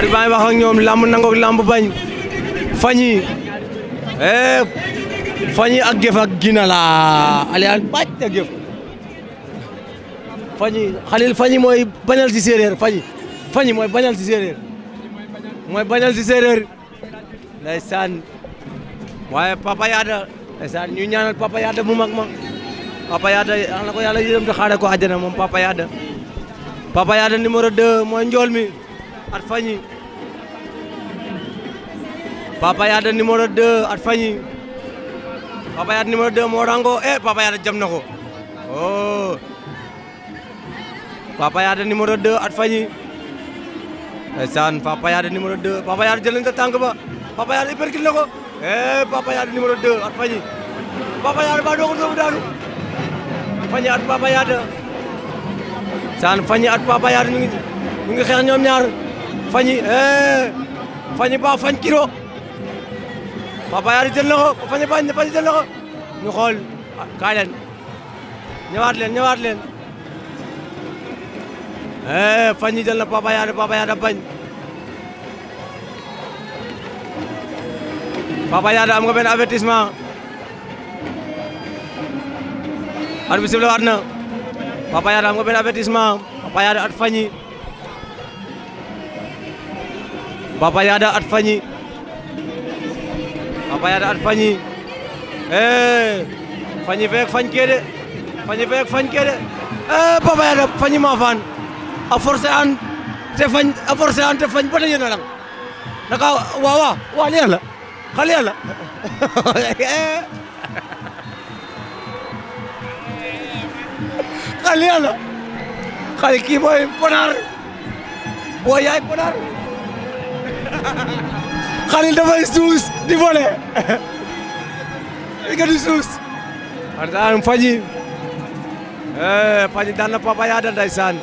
at baa ngi wax ak ñoom lamb nangook lamb bañ fañi eh fañi ak gëf ak gina la alian bàcc ak gëf fañi xalil fañi mooy bañal ci séeréer fañi fañi mooy bañal ci séeréer mooy bañal ci séeréer ndeysaan waaye papa yaada ndeysaan ñu ñaanal papa yaada mu mag ma papa yaada yal ko yàlla yërëm te xaare ko àjjana moom papa yaada papa yaada numéro 2 mooy njool mi at fañi Papa Yada numéro 2 at fañi Papa Yada numéro moo rango eh Papa Yada jam na ko oh Papa Yada fañi ndeysaan Papa Yada numéro 2 Papa Yada jël na ba Papa Yada hyperkil na ko eh Papa Yada fañi Papa Yada ba doog doomu daanu fañi at Papa saan fañi at Papa Yada ñu xeex ñoom ñaar fañi fañi ba fañ eh, kiro Papa Yade jël na ko fañi ba fañi jël na ko ñu xool ah, kaay leen ñëwaat leen ñëwaat leen eh, fañi jël na Papa Yade Papa Yade bañ Papa Yade am nga benn avertissement arbitre bi sifflé waat na Papa Yade am nga benn avertissement Papa Yade fañi Papa Yada at Fagny Papa Yada at Fagny eh Fagny feek Fagny kee de Fagny feek Fagny kee de eh Papa Yada Fagny maa a forcé aan te Fagny a forcé aan te Fagny bata yena lang naka waa waa waa leer la xa leer la xa kii mooy ponaar boo yaay ponaar Khalil dafay suus di volé di gëdd suus artaan faji eh faji daan na papa yaa da ndeysaan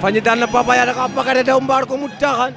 faji daan na papa yaa da ka daw mbaar ko mu taxan